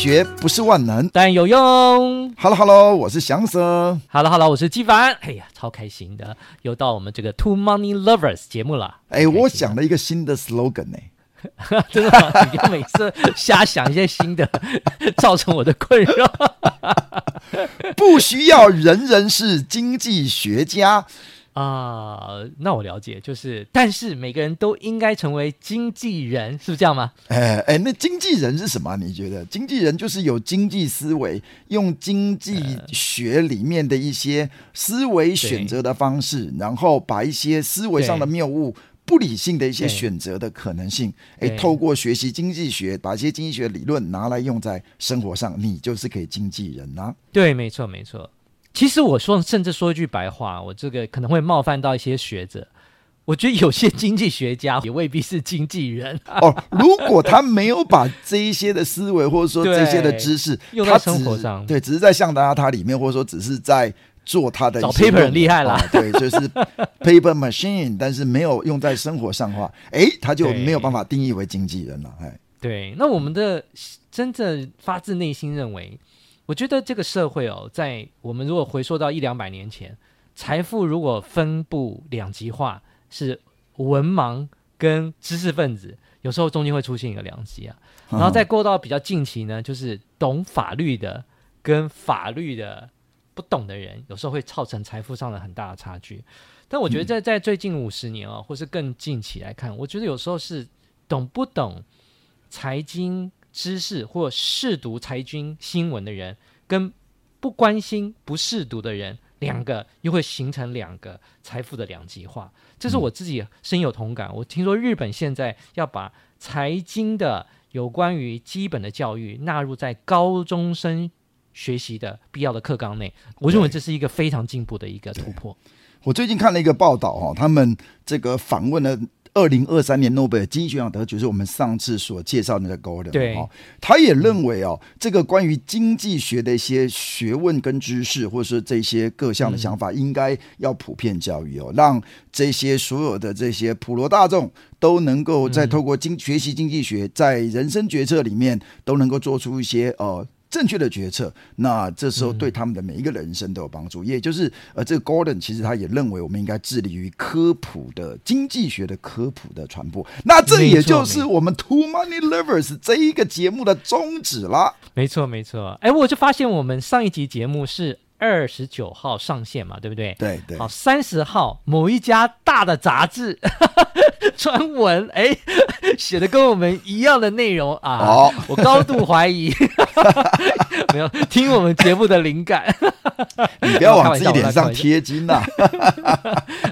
學不是萬能，但有用。Hello，Hello，hello, 我是祥生。Hello，Hello，hello, 我是紀凡。哎呀，超開心的，又到我們這個 Two Money Lovers 節目了。哎，我想了一個新的 slogan 呢、哎， 真的嗎？你要每次瞎想一些新的， 造成我的困擾。 不需要人人是經濟學家。啊，那我了解，就是，但是每個人都應該成為經濟人，是不是這樣嗎？哎哎、呃欸，那經濟人是什麼、啊？你覺得經濟人就是有經濟思維，用經濟學裡面的一些思維選擇的方式，呃、然後把一些思維上的謬誤、對不理性的一些選擇的可能性，哎對、欸，透過學習經濟學，把一些經濟學理論拿來用在生活上，你就是可以經濟人吶、啊，對，沒錯，沒錯。其實我說，甚至說一句白話，我這個可能會冒犯到一些學者。我覺得有些經濟學家也未必是經濟人哦。如果他沒有把這一些的思維，或者說這些的知識對用在生活上，對，只是在象牙塔裡面，或者說只是在做他的找 paper 用厲害啦、哦、對，就是 paper machine， 但是沒有用在生活上的話，哎，他就沒有辦法定義為經濟人了。哎，對，那我們的真正發自內心認為。我覺得這個社會哦，在我們如果回溯到一兩百年前，財富如果分布兩極化，是文盲跟知識分子，有時候中間會出現一個兩極啊。然後再過到比較近期呢，就是懂法律的跟法律的不懂的人，有時候會造成財富上的很大的差距。但我覺得在在最近五十年哦，或是更近期來看，我覺得有時候是懂不懂財經。知識或嗜讀財經新聞的人，跟不關心、不嗜讀的人，兩個又會形成兩個財富的兩極化。這是我自己深有同感。嗯、我聽說日本現在要把財經的有關於基本的教育納入在高中生學習的必要的課綱內，我認為這是一個非常進步的一個突破。我最近看了一個報道哈、哦，他們這個訪問了。二零二三年諾貝爾經濟學獎得主是我們上次所介紹那個 Goldin, 對、哦，他也認為哦，嗯、這個關於經濟學的一些學問跟知識，或者是這些各項的想法，嗯、應該要普遍教育哦，讓這些所有的這些普羅大眾都能夠在透過經學習經濟學，在人生決策裡面都能夠做出一些哦。呃正確的決策，那這時候對他們的每一個人生都有幫助。嗯、也就是，呃，這個 Gordon 其實他也認為，我們應該致力於科普的經濟學的科普的傳播。那這也就是我們 Two Money Lovers 這一個節目的宗旨了。沒錯，沒錯。哎、欸，我就發現我們上一集節目是。二十九號上線嘛，對不對？對對。好，三十號某一家大的雜誌， 專文哎，寫的跟我們一樣的內容 啊。好、哦，我高度懷疑， 沒有聽我們節目的靈感。 你不要往自己臉上貼金吶。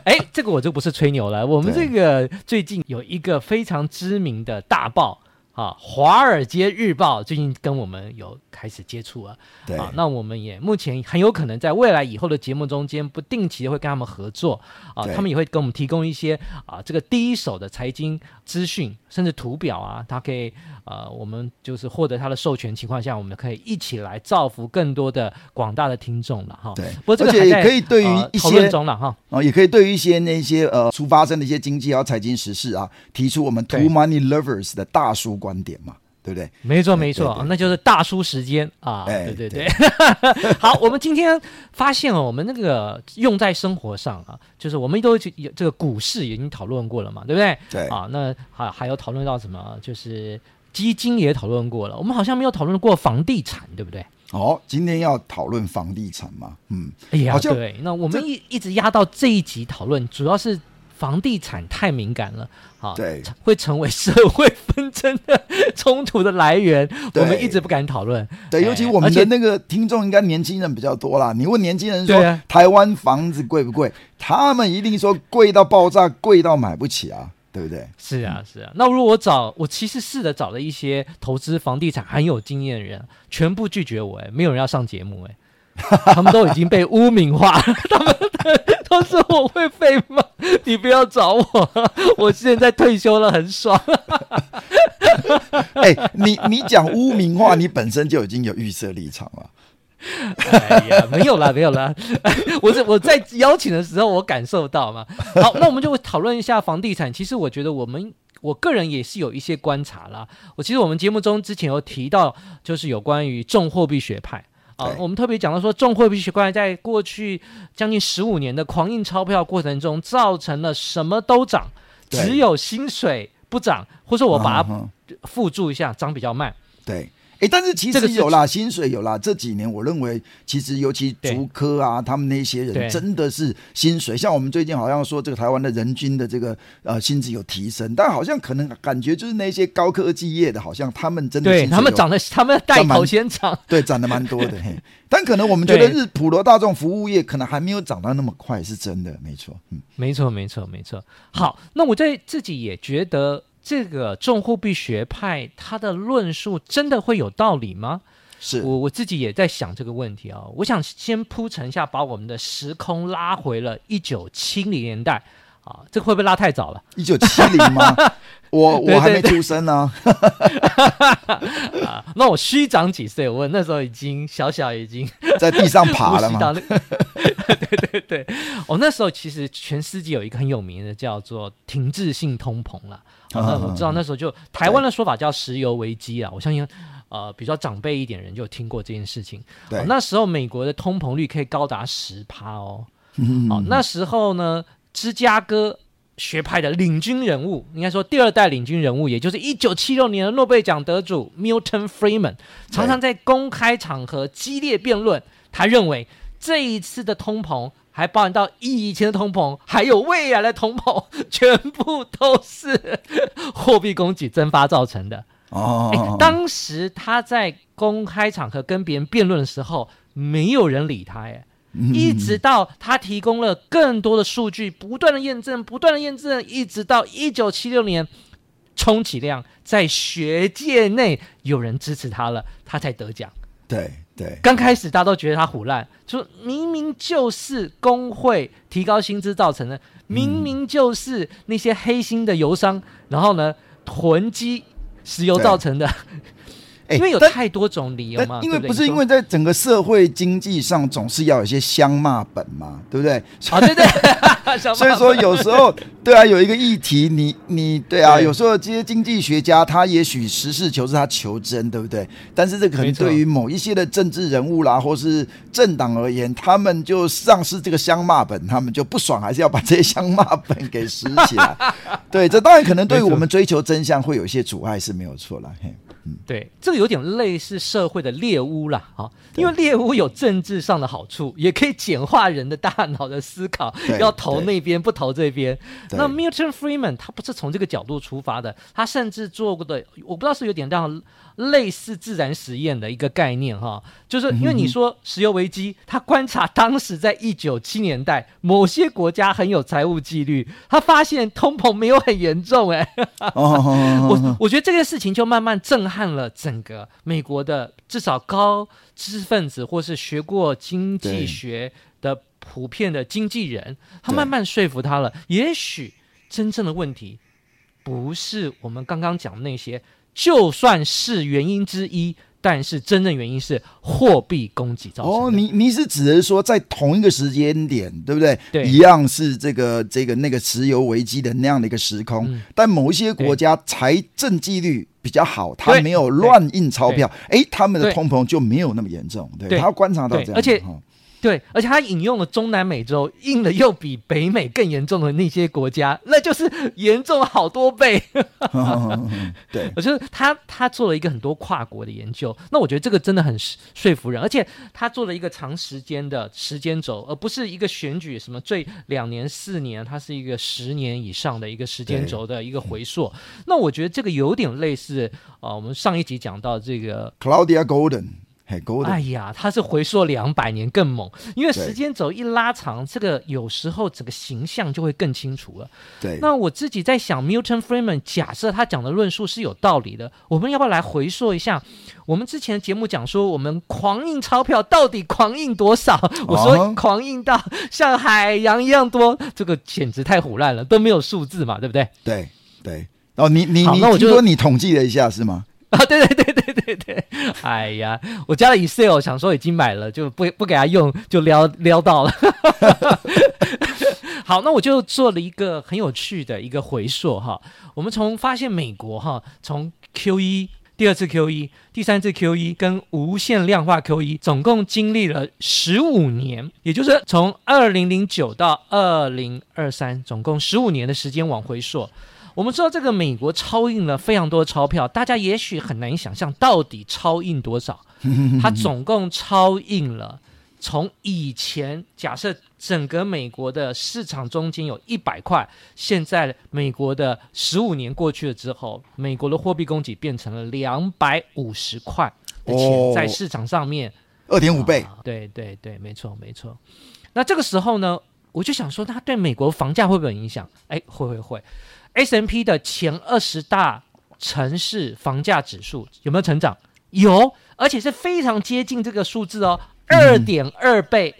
哎， 這個我就不是吹牛了。我們這個最近有一個非常知名的大報。啊，《華爾街日報》最近跟我們有開始接觸了，對啊，那我們也目前很有可能在未來以後的節目中間，不定期的會跟他們合作，啊，對他們也會給我們提供一些啊，這個第一手的財經資訊，甚至圖表啊，他可以，呃，我們就是獲得他的授權情況下，我們可以一起來造福更多的廣大的聽眾了，哈、啊。對，不過這個也可以對於一些，啊，中了啊、哦，也可以對於一些那一些呃，出發生的一些經濟啊、財經時事啊，提出我們 Two Money Lovers 的大叔觀點嘛，對不對？沒錯，沒錯，那就是大叔時間啊！欸、對對對，對對對 好， 我們今天發現了，我們那個用在生活上啊，就是我們都有這這個股市已經討論過了嘛，對不對？對啊，那還、啊、還有討論到什麼？就是基金也討論過了，我們好像沒有討論過房地產，對不對？哦，今天要討論房地產嗎？嗯，也要、哎、呀像對，那我們一一直壓到這一集討論，這主要是。房地產太敏感了，好、哦，對，會成為社會紛爭的衝突的來源，對我們一直不敢討論。對，哎、尤其我們的那個聽眾應該年輕人比較多啦，且你問年輕人說、啊、台灣房子貴不貴？他們一定說貴到爆炸，貴到買不起啊，對不對？是啊，是啊。那如果我找，我其實試着找了一些投資房地產很有經驗的人，全部拒絕我，哎，沒有人要上節目誒，哎。 他們都已經被污名化了，他們都說我會被罵，你不要找我，我現在退休了，很爽。哎、 欸，你你講污名化，你本身就已經有預設立場了。 哎呀，沒有啦，沒有啦，我是我在邀請的時候，我感受到嘛。好，那我們就討論一下房地產。其實我覺得我們我個人也是有一些觀察啦。我其實我們節目中之前有提到，就是有關於重貨幣學派。啊對、呃，我們特別講到說，重貨幣習慣在過去將近十五年的狂印鈔票過程中，造成了什麼都漲，對只有薪水不漲，或者我把它附注一下，漲、哦哦、比較慢。對。哎，但是其實有啦，薪水有啦。這幾年，我認為其實尤其竹科啊，對他們那些人真的是薪水。對像我們最近好像說，這個台灣的人均的這個呃薪資有提升，但好像可能感覺就是那些高科技業的，好像他們真的薪水對，他們漲得，他們帶頭先漲，對，漲得蠻多的。嘿，但可能我們覺得是普羅大眾服務業可能還沒有漲到那麼快，是真的，沒錯，嗯，沒錯，沒錯，沒錯。好，那我在自己也覺得。這個重貨幣學派，他的論述真的會有道理嗎？是我我自己也在想這個問題啊、哦。我想先鋪陳一下，把我們的時空拉回了1970年代啊，這個、會不會拉太早了？1970嗎？ 我我還沒出生呢。那我虛長幾歲？我那時候已經小小，已經在地上爬了嗎？那個、 對對對， 我那時候其實全世界有一個很有名的叫做停滯性通膨了。那我知道那時候就台灣的說法叫石油危機啊，對我相信，呃，比較長輩一點人就有聽過這件事情。對、哦，那時候美國的通膨率可以高達十趴哦。嗯、 哦，那時候呢，芝加哥學派的領軍人物，應該說第二代領軍人物，也就是一九七六年的諾貝爾獎得主 Milton Friedman 對常常在公開場合激烈辯論。他認為這一次的通膨。還包含到以前的通膨，還有未來的通膨，全部都是貨幣供給增發造成的哦、oh.。當時他在公開場合跟別人辯論的時候，沒有人理他耶，mm. 一直到他提供了更多的數據，不斷的驗證，不斷的驗證，一直到一九七六年，充其量在學界內有人支持他了，他才得獎。對。對，剛開始大家都覺得他唬爛，說明明就是工會提高薪資造成的，明明就是那些黑心的油商，嗯、然後呢囤積石油造成的。欸、因為有太多種理由嘛，因為不是因為在整個社會經濟上總是要有些相罵本嘛，對不對？啊，所以啊，對對，哈哈，相罵本。所以說有時候對啊，有一個議題，你你對啊，對有時候這些經濟學家他也許實事求是，他求真，對不對？但是這個可能對於某一些的政治人物啦，或是政黨而言，沒錯。他們就喪失這個相罵本，他們就不爽，還是要把這些相罵本給拾起來。 對，這當然可能對於我們追求真相會有一些阻礙是沒有錯啦。對，這個有點類似社會的獵巫啦。啊，因為獵巫有政治上的好處，對也可以簡化人的大腦的思考，對要投那邊對不投這邊。對那 Milton 對 Friedman 他不是從這個角度出發的，他甚至做過的，我不知道是有點讓。類似自然實驗的一個概念，哦，哈，就是因為你說石油危機，嗯、哼他觀察當時在一九七年代，某些國家很有財務紀律，他發現通膨沒有很嚴重，哎，我我覺得這件事情就慢慢震撼了整個美國的至少高知識分子或是學過經濟學的普遍的經紀人，對他慢慢說服他了，也許真正的問題不是我們剛剛講的那些。就算是原因之一，但是真正原因是貨幣供給造成的。哦，你你是指的是說在同一個時間點，對不對？對，一樣是這個這個那個石油危機的那樣的一個時空。嗯、但某一些國家財政紀律比較好，對他沒有亂印鈔票，誒，他們的通膨就沒有那麼嚴重。對，對對，他要觀察到這樣。而且。對，而且他引用了中南美洲，印的又比北美更嚴重的那些國家，那就是嚴重了好多倍。 呵呵呵對，我覺得他他做了一個很多跨國的研究，那我覺得這個真的很說服人，而且他做了一個長時間的時間軸，而不是一個選舉什麼最兩年四年，它是一個十年以上的一個時間軸的一個回溯。對那我覺得這個有點類似啊、呃，我們上一集講到這個 Claudia Golden。Hey, 哎呀，他是回溯兩百年更猛，因為時間軸一拉長，對這個有時候整個形象，就會更清楚了。對，那我自己在想，Milton Friedman 假設他講的論述是有道理的，我們要不要來回溯一下？我們之前的節目講說，我們狂印鈔票到底狂印多少？哦、我說狂印到像海洋一樣多，這個簡直太唬爛了，都沒有數字嘛，對不對？對對，哦，你你你，那我就說你統計了一下是嗎？啊，對對對對對對，哎呀，我加了 Excel，想說已經買了就不不給他用，就撩撩到了。 好，那我就做了一個很有趣的一個回溯哈，我們從發現美國哈，從 QE、第二次 QE、第三次 QE 跟無限量化 QE，總共經歷了十五年，也就是從二零零九到二零二三，總共十五年的時間往回溯。我們知道這個美國超印了非常多的鈔票，大家也許很難想象到底超印多少。它總共超印了，從以前假設整個美國的市場中間有一百塊，現在美國的十五年過去了之後，美國的貨幣供給變成了兩百五十塊的錢在市場上面，二點五倍。啊，對對對，沒錯沒錯。那這個時候呢，我就想說，它對美國房價會不會有影響？哎，會會會。S&P 的前二十大城市房價指數有沒有成長？有，而且是非常接近這個數字哦，二點二倍。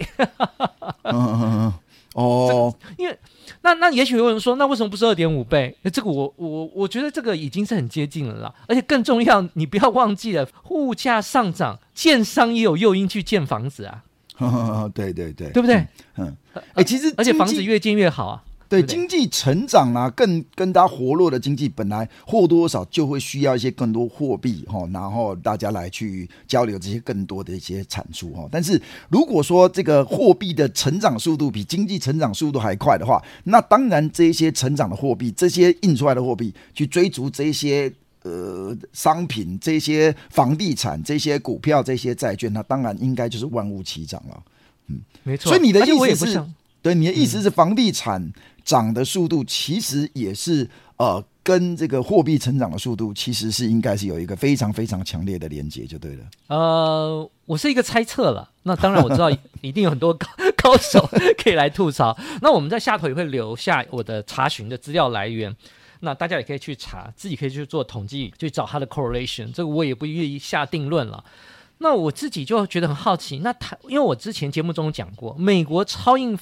哦，因為那那也許有人說，那為什麼不是二點五倍？那這個我我我覺得這個已經是很接近了啦。而且更重要，你不要忘記了，物價上漲，建商也有誘因去建房子啊。哦、嗯，對對對，嗯、對不對？嗯，哎、嗯欸，其實而且房子越建越好啊。對，經濟成長啊，更更加活絡的經濟，本來貨多少就會需要一些更多貨幣哈，然後大家來去交流這些更多的一些產出哈。但是如果說這個貨幣的成長速度比經濟成長速度還快的話，那當然這些成長的貨幣，這些印出來的貨幣去追逐這些呃商品、這些房地產、這些股票、這些債券，那當然應該就是萬物齊漲了。嗯，沒錯。所以你的意思是，對，你的意思是房地產。嗯漲的速度其實也是呃，跟這個貨幣成長的速度其實是應該是有一個非常非常強烈的連接，就對了。呃，我是一個猜測了。那當然我知道一定有很多高 高手可以來吐槽。那我們在下頭也會留下我的查詢的資料來源，那大家也可以去查，自己可以去做統計，去找它的 correlation。這個我也不願意下定論了。那我自己就覺得很好奇。那他因為我之前節目中講過，美國超印。嗯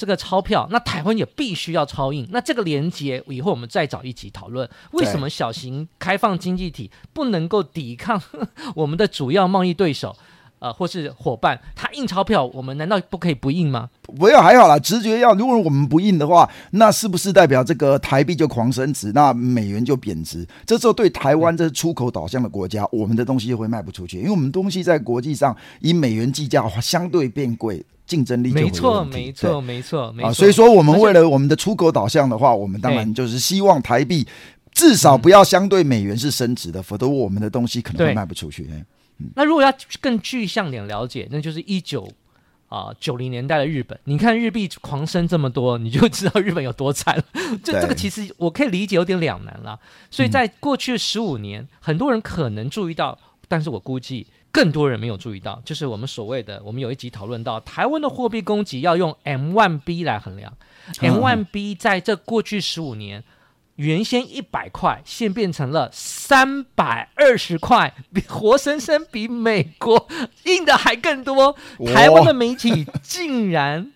這個鈔票，那台灣也必須要超印。那這個連接以後，我們再找一集討論為什麼小型開放經濟體不能夠抵抗我們的主要貿易對手，呃，或是夥伴，他印鈔票，我們難道不可以不印嗎？不要還好啦，直覺要，如果我們不印的話，那是不是代表這個台幣就狂升值，那美元就貶值？這時候對台灣這是出口導向的國家，嗯、我們的東西就會賣不出去，因為我們東西在國際上以美元計價，相對變貴。競爭力沒錯錯，對沒錯錯，沒錯，沒錯。啊，錯所以說我們為了我們的出口導向的話，且我們當然就是希望台幣至少不要相對美元是升值的，嗯、否則我們的東西可能會賣不出去。對嗯、那如果要更具象點了解，那就是一九啊九零年代的日本，你看日幣狂升這麼多，你就知道日本有多慘。了。 這個，其實我可以理解有點兩難了。所以在過去十五年，嗯、很多人可能注意到，但是我估計。更多人沒有注意到，就是我們所謂的，我們有一集討論到台灣的貨幣供給要用 M1B 來衡量，嗯、，M1B 在這過去十五年，原先一百塊，現變成了三百二十塊，活生生比美國印的還更多。哦、台灣的媒體竟然。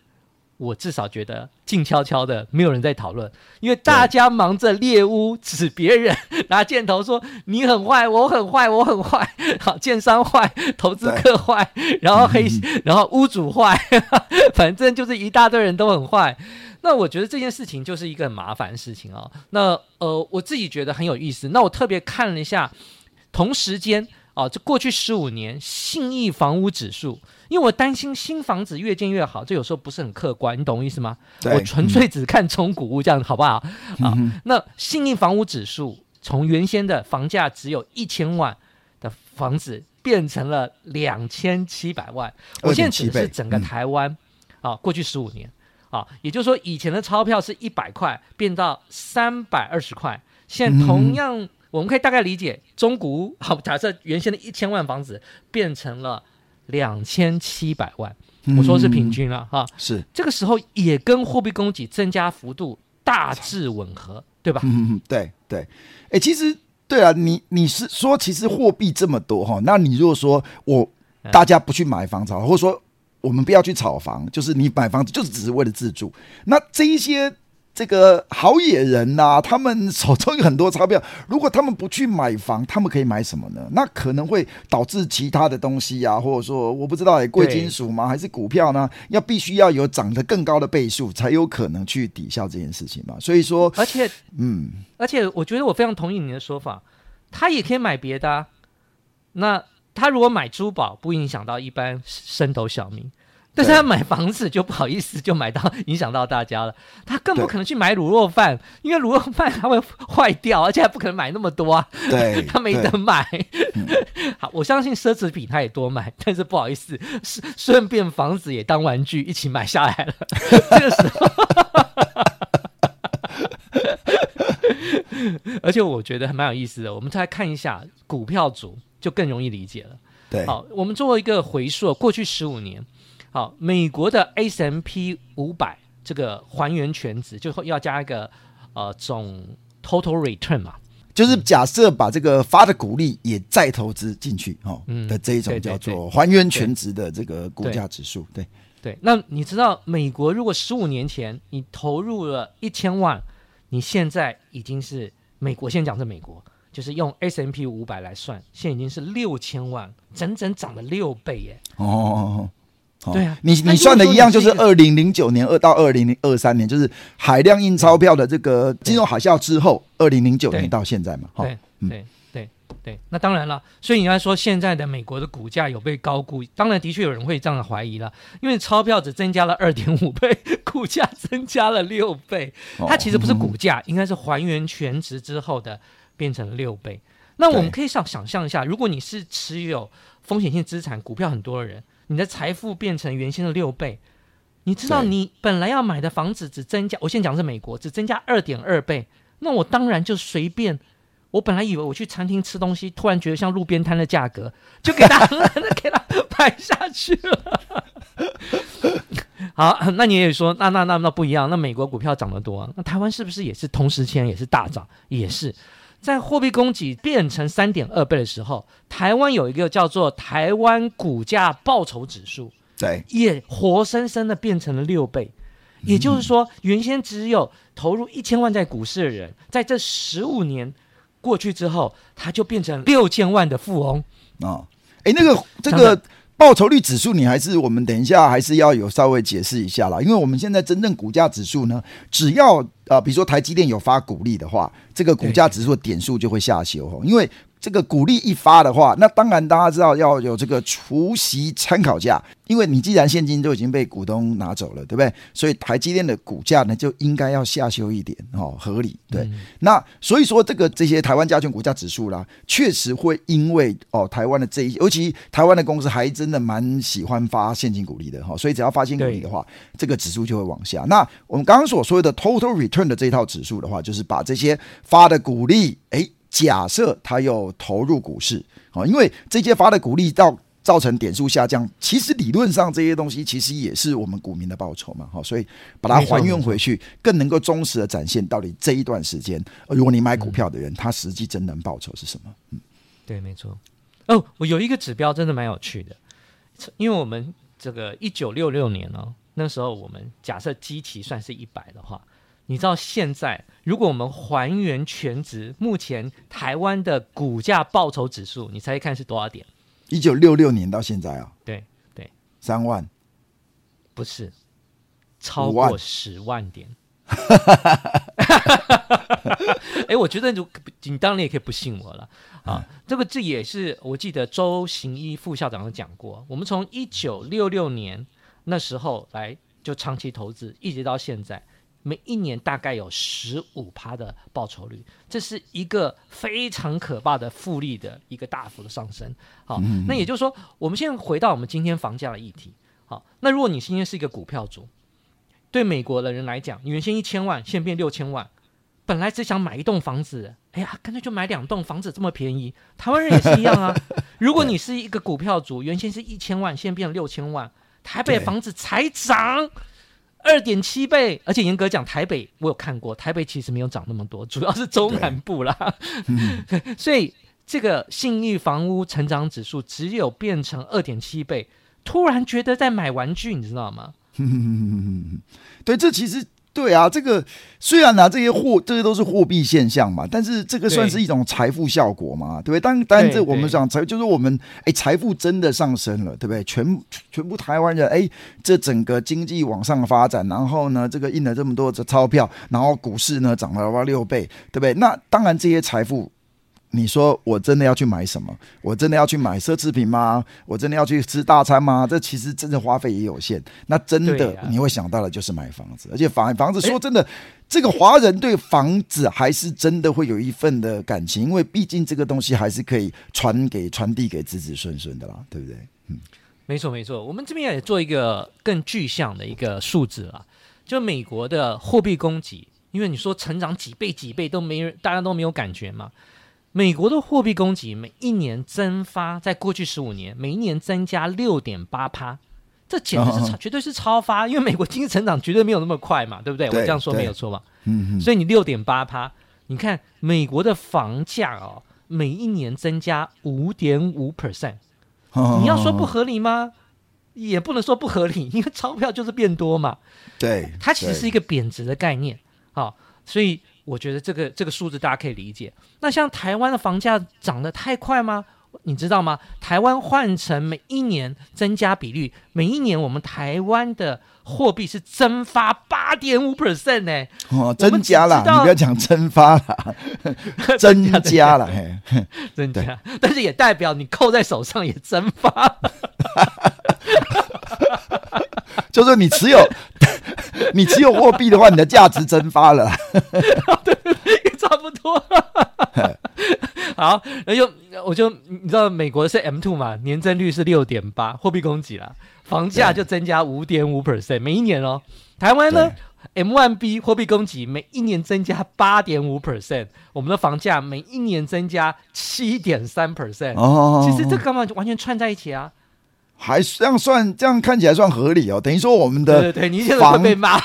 我至少覺得靜悄悄的，沒有人在討論，因為大家忙着獵屋指別人，對拿箭頭說你很壞，我很壞，我很壞，好建商壞，投資客壞，對然後黑，嗯嗯然後屋主壞， 反正就是一大堆人都很壞。那我覺得這件事情就是一個很麻煩的事情啊、哦。那呃，我自己覺得很有意思。那我特別看了一下，同時間啊，這過去十五年信義房屋指數。因為我擔心新房子越建越好，這有時候不是很客觀，你懂我意思嗎？對我純粹只看中古屋、嗯、這樣，好不好？嗯、哼啊，那信義房屋指數從原先的房價只有一千萬的房子，變成了兩千七百萬。我現在指的是整個台灣、嗯、啊，過去十五年啊，也就是說以前的鈔票是一百塊，變到三百二十塊。現在同樣，嗯、哼我們可以大概理解中古屋，好，假設原先的一千萬房子變成了。兩千七百萬，我說是平均了、嗯、哈，是這個時候也跟貨幣供給增加幅度大致吻合，嗯、對吧？嗯，對對，哎，其實對啊，你你是說，其實貨幣這麼多哈、哦，那你如果說我、嗯、大家不去買房子，或者說我們不要去炒房，就是你買房子就是只是為了自住，那這一些。這個好野人吶、啊，他們手中有很多鈔票。如果他們不去買房，他們可以買什麼呢？那可能會導致其他的東西啊，或者說我不知道，誒，貴金屬嗎？對還是股票呢？要必須要有漲得更高的倍數，才有可能去抵消這件事情嘛。所以說，而且，嗯，而且我覺得我非常同意你的說法，他也可以買別的、啊。那他如果買珠寶，不影響到一般升斗小民。但是他買房子就不好意思，就買到影響到大家了。他更不可能去買滷肉飯，對因為滷肉飯他會壞掉，而且還不可能買那麼多啊。對， 他沒得買。嗯、好，我相信奢侈品他也多買，但是不好意思，順便房子也當玩具一起買下來了，這個時候，而且我覺得還蠻有意思的，我們再看一下股票組就更容易理解了。對，好，我們做一個回溯，過去十五年。好，美國的 S&P 五百這個還原權值，就是要加一個呃總 total return 嘛，就是假設把這個發的股利也再投資進去，哈、哦，嗯、的這一種叫做還原權值的這個股價指數，對對,對,對,對。那你知道美國如果十五年前你投入了一千萬，你現在已經是美國，現在講是美國，就是用 S&P 五百來算，現在已經是六千萬，整整漲了六倍耶！哦,哦,哦。哦、對啊，你你算的一樣，就是二零零九年二到二零零二三年，就是海量印鈔票的這個金融海嘯之後，二零零九年到現在嘛，對、哦、對對，對，對，那當然了，所以你要說現在的美國的股價有被高估，當然的確有人會這樣懷疑了，因為鈔票只增加了二點五倍，股價增加了六倍，它其實不是股價，應該是還原全值之後的變成六倍。那我們可以想想象一下，對如果你是持有風險性資產股票很多的人。你的財富變成原先的六倍，你知道你本來要買的房子只增加，對我現在講，是美國只增加二點二倍，那我當然就隨便，我本來以為我去餐廳吃東西，突然覺得像路邊攤的價格，就給他狠狠 給他拍下去了。 好，那你也說，那那那那不一樣，那美國股票漲得多，那台灣是不是也是同時期，也是大漲， 也是？在貨幣供給變成三點二倍的時候，台灣有一個叫做台灣股價報酬指數，對，也活生生的變成了六倍。嗯，也就是說，原先只有投入一千萬在股市的人，在這十五年過去之後，他就變成六千萬的富翁啊，哦！誒，那個這個。報酬率指數，你還是我們等一下還是要有稍微解釋一下啦，因為我們現在真正股價指數呢，只要啊、呃，比如說台積電有發股利的話，這個股價指數的點數就會下修，對因為。這個股利一发的話，那當然大家知道要有這個除息參考價，因為你既然現金就已經被股東拿走了，對不對？所以台積電的股價呢就應該要下修一點哦，合理對。嗯嗯那所以說這個這些台灣加權股價指數啦，確實會因為哦台灣的這一尤其台灣的公司還真的蠻喜歡发現金股利的哈、哦，所以只要發現金股利的話，對這個指數就會往下。那我們剛剛所說的 total return 的這一套指數的話，就是把這些发的股利哎。誒假設他又投入股市，哦，因為這些發的股利到造成點數下降，其實理論上這些東西其實也是我們股民的報酬嘛，哈，所以把它還原回去，更能夠忠實的展現到底這一段時間，如果你買股票的人，嗯、他實際真能報酬是什麼？嗯、對，沒錯。哦，我有一個指標真的蠻有趣的，因為我們這個一九六六年哦，那時候我們假設基期算是一百的話。你知道現在，如果我們還原全值，目前台灣的股價報酬指數，你猜一看是多少點？一九六六年到現在啊、哦？對對，三萬？不是，超過十萬點。哎萬， 我覺得你你當然也可以不信我了啊。嗯、這個這也是我記得周行一副校長講過，我們從一九六六年那時候來就長期投資，一直到現在。每一年大概有十五趴的報酬率，這是一個非常可怕的複利的一個大幅的上升。好，嗯嗯，那也就是說，我們現在回到我們今天房價的議題。好，那如果你今天是一個股票族，對美國的人來講，你原先一千萬，現在變六千萬，本來只想買一棟房子，哎呀，乾脆就買兩棟房子，這麼便宜。台灣人也是一樣啊。 如果你是一個股票族，原先是一千萬，現在變六千萬，台北房子才漲。二點七倍，而且嚴格講，台北我有看過，台北其實沒有漲那麼多，主要是中南部啦。嗯、 所以這個信義房屋成長指數只有變成二點七倍，突然覺得在買玩具，你知道嗎？對，這其實。對啊，這個雖然啊，這些貨這些都是貨幣現象嘛，但是這個算是一種財富效果嘛，對，對不對？但但這我們想對對財，就是我們哎財富真的上升了，對不對？全部全部台灣人哎，這整個經濟往上發展，然後呢，這個印了這麼多的鈔票，然後股市呢漲了哇六倍，對不對？那當然這些財富。你說我真的要去買什麼？我真的要去買奢侈品嗎？我真的要去吃大餐嗎？這其實真的花費也有限。那真的、啊、你會想到的，就是買房子。而且房房子說真的，欸、這個華人對房子還是真的會有一份的感情，因為畢竟這個東西還是可以傳給、傳遞給，傳遞給子子孫孫的啦，對不對？嗯，沒錯，沒錯。我們這邊也做一個更具象的一個數字啊，就美國的貨幣供給，因為你說成長幾倍幾倍都沒，大家都沒有感覺嘛。美國的貨幣供給每一年增发，在過去十五年每一年增加六點八趴。這簡直是、uh huh. 絕對是超发，因為美國經濟成長絕對沒有那麼快嘛，對不對？對我這樣說沒有錯吧？嗯所以你六點八趴。你看美國的房價哦，每一年增加五點五 percent，你要說不合理嗎？Uh huh. 也不能說不合理，因為鈔票就是變多嘛。對，對它其實是一個貶值的概念。好、哦，所以。我覺得這個這個數字大家可以理解。那像台灣的房價漲得太快嗎？你知道嗎？台灣換成每一年增加比率，每一年我們台灣的貨幣是增發八點五 percent 呢。欸、哦，增加了，你不要講增發了，增加了，增加，對對但是也代表你扣在手上也增發。 就是你持有， 你持有貨幣的話，你的價值蒸發了。對，差不多。好，那就我就你知道，美國是 M two 嘛，年增率是六點八，貨幣供給了，房價就增加五點五 percent，每一年哦、喔。台灣呢對，M one B 貨幣供給每一年增加八點五 percent，我們的房價每一年增加七點三 percent。哦,哦,哦,哦，其實這個嘛就完全串在一起啊。還這樣算，這樣看起來算合理哦。等於說我們的對對對，你現在被罵，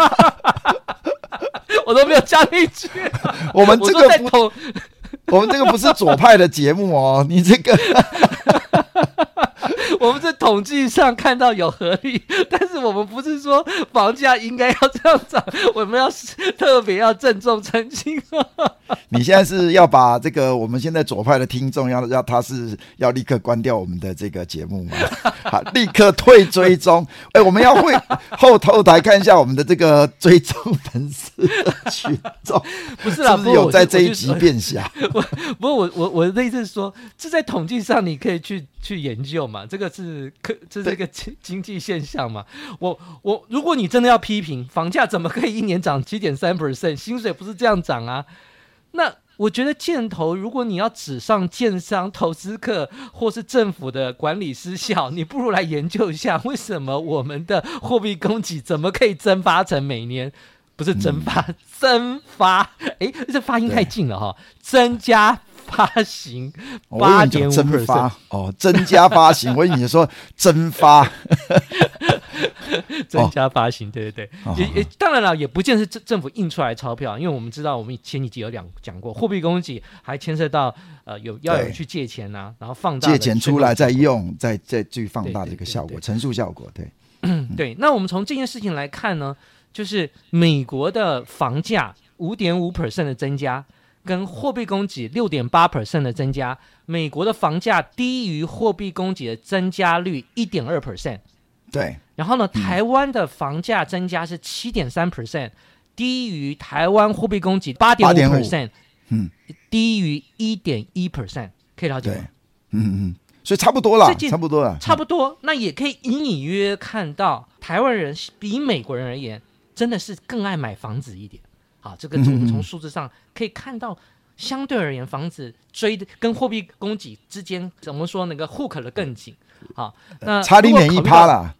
我都沒有加一句了。 我們這個不，我，同 我們這個不是左派的節目哦。你這個。 我們在統計上看到有合理，但是我們不是說房價應該要這樣漲，我們要特別要鄭重澄清。你現在是要把這個我們現在左派的聽眾要要他是要立刻關掉我們的這個節目嗎？好， 立刻退追蹤。哎、 欸，我們要會後後台看一下我們的這個追蹤粉絲群眾， 不是啊啦？是不是有在這一集變小。不過我我我的意思是說，這在統計上你可以去去研究嘛？這。這是個，這是一個經經濟現象嘛？對我我，如果你真的要批評房價，怎麼可以一年漲七點三 percent？薪水不是這樣漲啊？那我覺得建投，如果你要指上建商、投資客或是政府的管理失效，你不如來研究一下，為什麼我們的貨幣供給怎麼可以增發成每年？不是增發，增發，哎，這發音太近了哈。增加發行八點五%哦，增加發行，我以為你說增發，增加發行，對對對，也也當然了，也不見得是政政府印出來鈔票，因為我們知道，我們前幾集有兩講過，貨幣供給還牽涉到呃，有要有去借錢吶，然後放大借錢出來再用，再再去放大這個效果，乘數效果，對對。那我們從這件事情來看呢？就是美國的房價五點五 percent 的增加，跟貨幣供給六點八 percent 的增加，美國的房價低於貨幣供給的增加率一點二 percent。對。然後呢，台灣的房價增加是七點三 percent，低於台灣貨幣供給八點五 percent。嗯，低於一點一 percent，可以了解嗎？對。嗯嗯，所以差不多了，最近差不多了，差不多。嗯、那也可以隱隱約約看到，台灣人比美國人而言。真的是更愛買房子一點，好，啊，這個我們從數字上可以看到，相對而言，房子追的跟貨幣供給之間，怎麼說那個戶口的更緊，好，啊，那差零點一趴啦，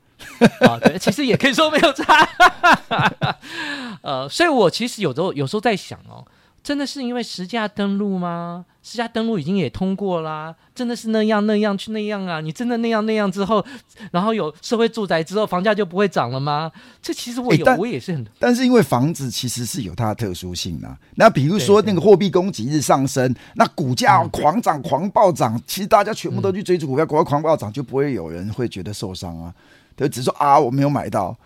啊，對，其實也可以說沒有差， 呃，所以我其實有時候有時候在想哦。真的是因為實價登錄嗎？實價登錄已經也通過啦、啊。真的是那樣那樣去那樣啊？你真的那樣那樣之後，然後有社會住宅之後，房價就不會漲了嗎？這其實我有、欸、我也是很……但是因為房子其實是有它的特殊性啊。那比如說那個貨幣供給一直上升，對對對那股價、哦嗯、狂漲狂暴漲，其實大家全部都去追逐股票，股票、嗯、狂暴漲就不會有人會覺得受傷啊。對，只是說啊，我沒有買到。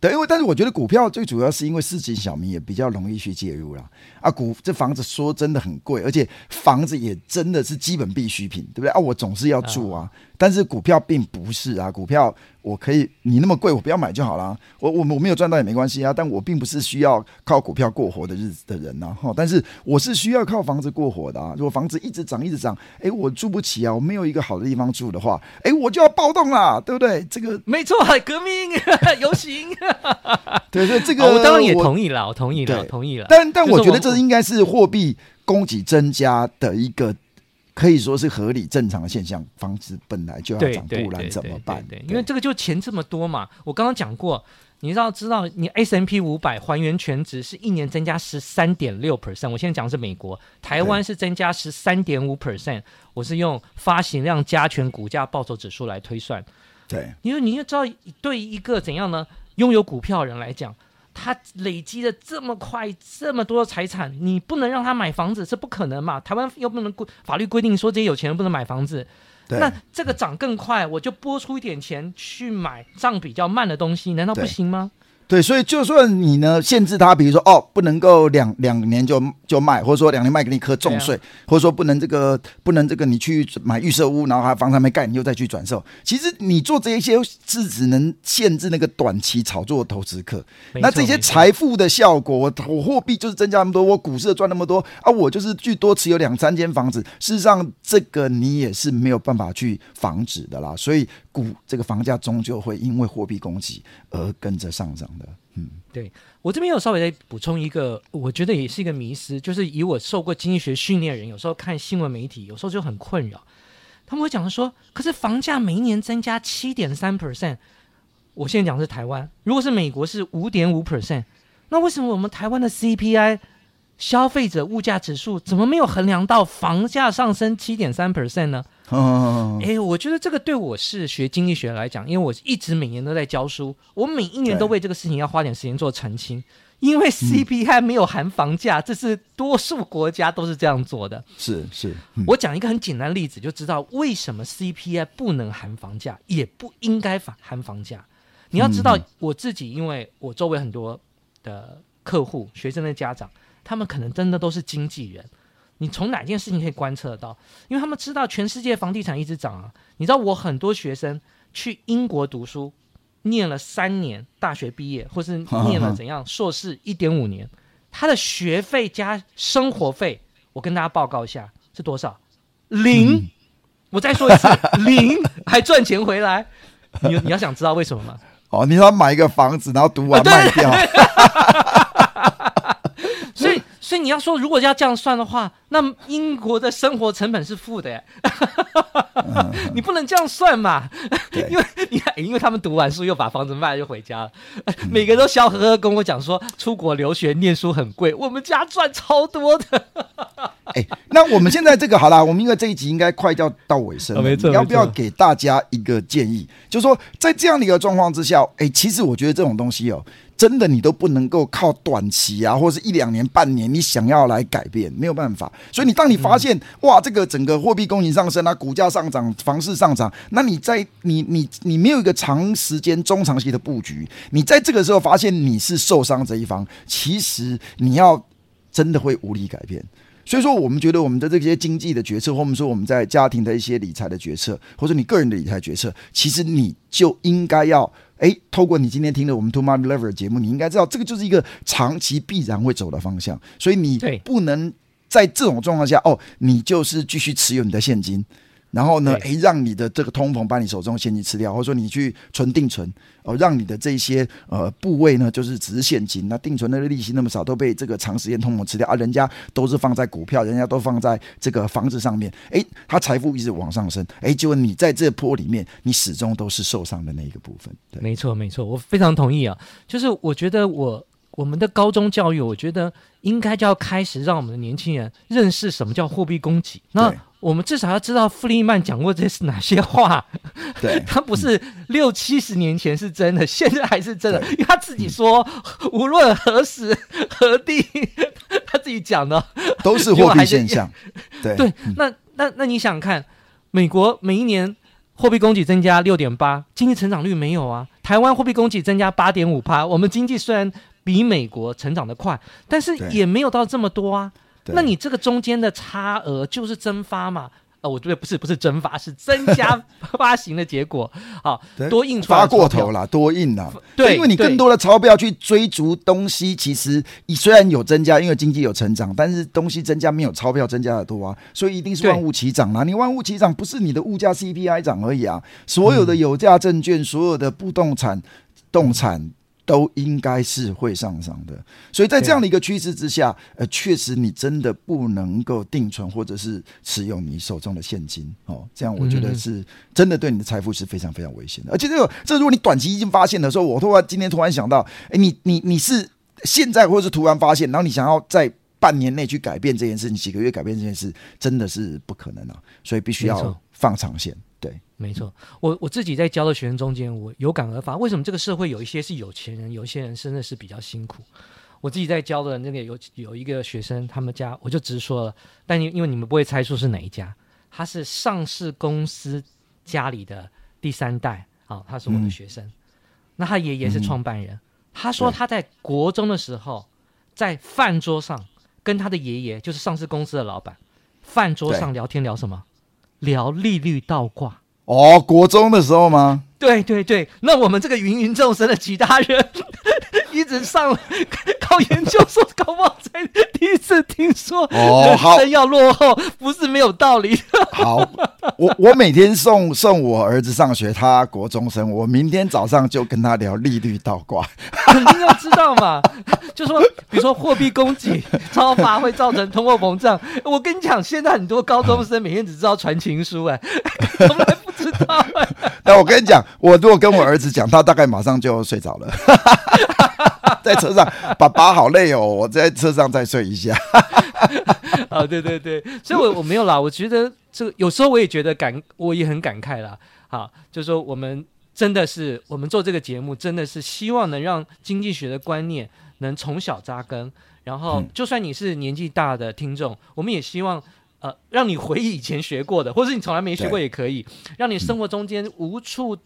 對，因為但是我覺得股票最主要是因為市井小民也比較容易去介入啦。啊，股這房子說真的很貴，而且房子也真的是基本必需品，對不對啊？我總是要住啊，啊但是股票並不是啊，股票我可以，你那麼貴我不要買就好啦。我我我沒有賺到也沒關係啊，但我並不是需要靠股票過活的日子的人吶、啊、哈，但是我是需要靠房子過活的啊，如果房子一直漲一直漲，哎，我住不起啊，我沒有一個好的地方住的話，哎，我就要暴動啦，對不對？這個沒錯，革命遊 行，對對，這個、哦、我當然也同意啦我，我同意啦，對同意了，但我但我覺得這。這應該是貨幣供給增加的一個，可以說是合理正常的現象。房子本來就要漲，不然怎麼辦？對對對對對對，因為這個就錢這麼多嘛。我剛剛講過，你要知道，你 S&P 五百還原權值是一年增加十三點六 percent。我現在講的是美國，台灣是增加十三點五 percent。我是用發行量加權股價報酬指數來推算。對，因為你要知道，對於一個怎樣呢，擁有股票的人來講。他累積了這麼快這麼多的財產，你不能讓他買房子，這不可能嘛！台灣又不能法律規定說這些有錢人不能買房子，對那這個漲更快，我就撥出一點錢去買漲比較慢的東西，難道不行嗎？對，所以就算你呢限制他，比如說哦不能夠兩兩年就就賣，或者說兩年賣給你課重稅，啊、或者說不能這個不能這個你去買預售屋，然後房子還房產沒蓋，你又再去轉售。其實你做這一些是只能限制那個短期炒作投資客，錯那這些財富的效果，我貨幣就是增加那麼多，我股市賺那麼多啊，我就是最多持有兩三間房子。事實上，這個你也是沒有辦法去防止的啦。所以股這個房價終究會因為貨幣供給。而跟着上漲的，嗯，對，我這邊有稍微再補充一個，我覺得也是一個迷思，就是以我受過經濟學訓練的人，有時候看新聞媒體，有時候就很困擾。他們會講說，可是房價每年增加七點三 percent，我現在講的是台灣，如果是美國是五點五 percent，那為什麼我們台灣的 CPI 消費者物價指數怎麼沒有衡量到房價上升七點三 percent 呢？嗯，哎、欸，我覺得這個對我是學經濟學來講，因為我一直每年都在教書，我每一年都為這個事情要花點時間做澄清，對因為 CPI 沒有含房價，嗯、這是多數國家都是這樣做的。是是，是嗯、我講一個很簡單例子，就知道為什麼 CPI 不能含房價，也不應該含房價。你要知道，嗯、我自己因為我周圍很多的客戶、學生的家長，他們可能真的都是經紀人。你從哪件事情可以觀測得到？因為他們知道全世界房地產一直漲啊。你知道我很多學生去英國讀書，唸了三年大學畢業，或是唸了怎樣碩士一點五年，他的學費加生活費，我跟大家報告一下是多少？零。嗯、我再說一次， 零，還賺錢回來。你你要想知道為什麼嗎？哦，你說買一個房子，然後讀完賣掉。哦 所以你要說，如果要這樣算的話，那英國的生活成本是負的耶， uh, 你不能這樣算嘛？ 對因為你看，因為他們讀完書又把房子賣了，又回家了，嗯、每個都笑呵呵跟我講說，出國留學念書很貴，我們家賺超多的。 欸那 我們現在這個好了，我們因為這一集應該快要到尾聲了，你要不要給大家一個建議？就是說在這樣的一個狀況之下，誒，其實我覺得這種東西哦、喔，真的你都不能夠靠短期啊，或是一兩年、半年，你想要來改變沒有辦法。所以你當你發現哇，這個整個貨幣供應上升啊，股價上漲，房市上漲，那你在你你你沒有一個長時間、中長期的布局，你在這個時候發現你是受傷這一方，其實你要真的會無力改變。所以說，我們覺得我們的這些經濟的決策，或我們說我們在家庭的一些理財的決策，或者你個人的理財的決策，其實你就應該要，哎，透過你今天聽了我們 Two Money Lovers 的節目，你應該知道這個就是一個長期必然會走的方向，所以你不能在這種狀況下，對哦，你就是繼續持有你的現金。然後呢，對誒，讓你的這個通膨把你手中的現金吃掉，或者說你去存定存，哦、呃，讓你的這些呃部位呢，就是只是現金。那、啊、定存的利息那麼少，都被這個長時間通膨吃掉啊！人家都是放在股票，人家都放在這個房子上面，誒，他財富一直往上升，誒，結果你在這波裡面，你始終都是受傷的那一個部分。沒錯，沒錯，我非常同意啊，就是我覺得我。我們的高中教育，我覺得應該就要開始讓我們的年輕人認識什麼叫貨幣供給。那我們至少要知道弗利曼講過這是哪些話。對， 他不是六七十年前是真的，嗯、現在還是真的，對因為他自己說，嗯、無論何時何地，他自己講的都是貨幣現象。對 對，對嗯、那那那你想看，美國每一年貨幣供給增加六點八，經濟成長率沒有啊？台灣貨幣供給增加八點五趴，我們經濟雖然。比美國成長的快，但是也沒有到這麼多啊。對那你這個中間的差額就是蒸發嘛？哦對、呃、我覺得不是不是蒸發，是增加發行的結果。 好對多印出來發過頭了，多印了。對，因為你更多的鈔票去追逐東西，其實你雖然有增加，因為經濟有成長，但是東西增加沒有鈔票增加的多啊。所以一定是萬物齊漲了。對你萬物齊漲不是你的物價 CPI 漲而已啊，所有的有價證券、嗯、所有的不動產、動產，都應該是會上漲的，所以在這樣的一個趨勢之下，啊、呃，確實你真的不能夠定存或者是持有你手中的現金哦，這樣我覺得是真的對你的財富是非常非常危險的。嗯嗯嗯，而且這個，這個、如果你短期已經發現的時候，我突然今天突然想到，誒、欸，你你你是現在或者是突然發現，然後你想要在半年內去改變這件事，你幾個月改變這件事，真的是不可能啊。所以必須要放長線。對，沒錯，我我自己在教的學生中間，我有感而發，為什麼這個社會有一些是有錢人，有一些人真的是比較辛苦？我自己在教的那個有有一個學生，他們家我就直說了，但因因為你們不會猜出是哪一家，他是上市公司家裡的第三代，啊、哦，他是我的學生，嗯、那他爺爺是創辦人，嗯、他說他在國中的時候，對在飯桌上跟他的爺爺，就是上市公司的老闆，飯桌上聊天聊什麼？聊利率倒掛哦，國中的時候嗎？對對對，那我們這個芸芸眾生的其他人， 一直上考 研究所。聽說人生要落後，不是沒有道理。oh, 好。 好，我我每天送送我兒子上學，他國中生，我明天早上就跟他聊利率倒掛， 肯定要知道嘛？ 就說比如說貨幣供給超發會造成通貨膨脹，我跟你講，現在很多高中生每天只知道傳情書，哎，從來不知道哎。那我跟你講，我如果跟我兒子講，他大概馬上就睡着了， 在車上，爸爸好累哦，我在車上再睡一下。啊、 哦，對對對，所以我我沒有啦，我覺得這個有時候我也覺得感，我也很感慨啦。好，就是、說我們真的是，我們做這個節目真的是希望能讓經濟學的觀念能從小紮根，然後就算你是年紀大的聽眾，嗯、我們也希望。呃，讓你回憶以前學過的，或是你從來沒學過也可以，嗯、讓你生活中間無處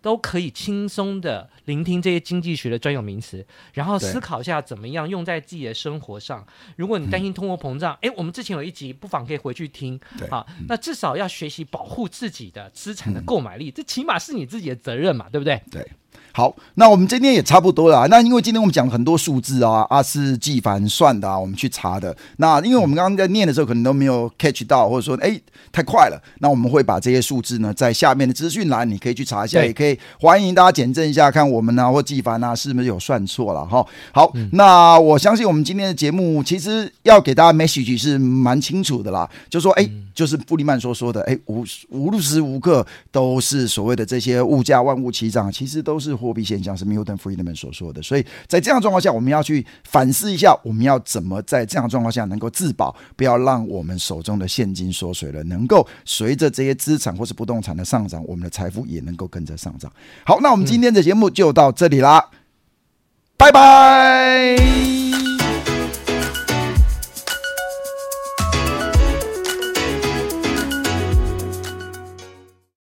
都可以輕鬆的聆聽這些經濟學的專有名詞，然後思考一下怎麼樣用在自己的生活上。如果你擔心通貨膨脹，嗯、誒，我們之前有一集，不妨可以回去聽。好，那至少要學習保護自己的資產的購買力，嗯、這起碼是你自己的責任嘛，對不對？對。好，那我們今天也差不多了，啊。那因為今天我們講很多數字啊，啊是紀凡算的啊，我們去查的。那因為我們剛剛在念的時候，可能都沒有 catch 到，或者說，哎、欸，太快了。那我們會把這些數字呢，在下面的資訊欄，你可以去查一下，對也可以歡迎大家檢證一下，看我們啊或紀凡啊，是不是有算錯了哈。好，嗯、那我相信我們今天的節目，其實要給大家 message 是蠻清楚的啦，就說，哎、欸，嗯、就是傅利曼所說，說的，哎、欸，無無時無刻都是所謂的這些物價萬物齊漲，其實都是。是貨幣現象，是 Milton Friedman 所說的。所以在這樣的狀況下，我們要去反思一下，我們要怎麼在這樣狀況下能夠自保，不要讓我們手中的現金縮水了，能夠隨着這些資產或是不動產的上漲，我們的財富也能夠跟着上漲。好，那我們今天的節目就到這裡啦，嗯、拜拜。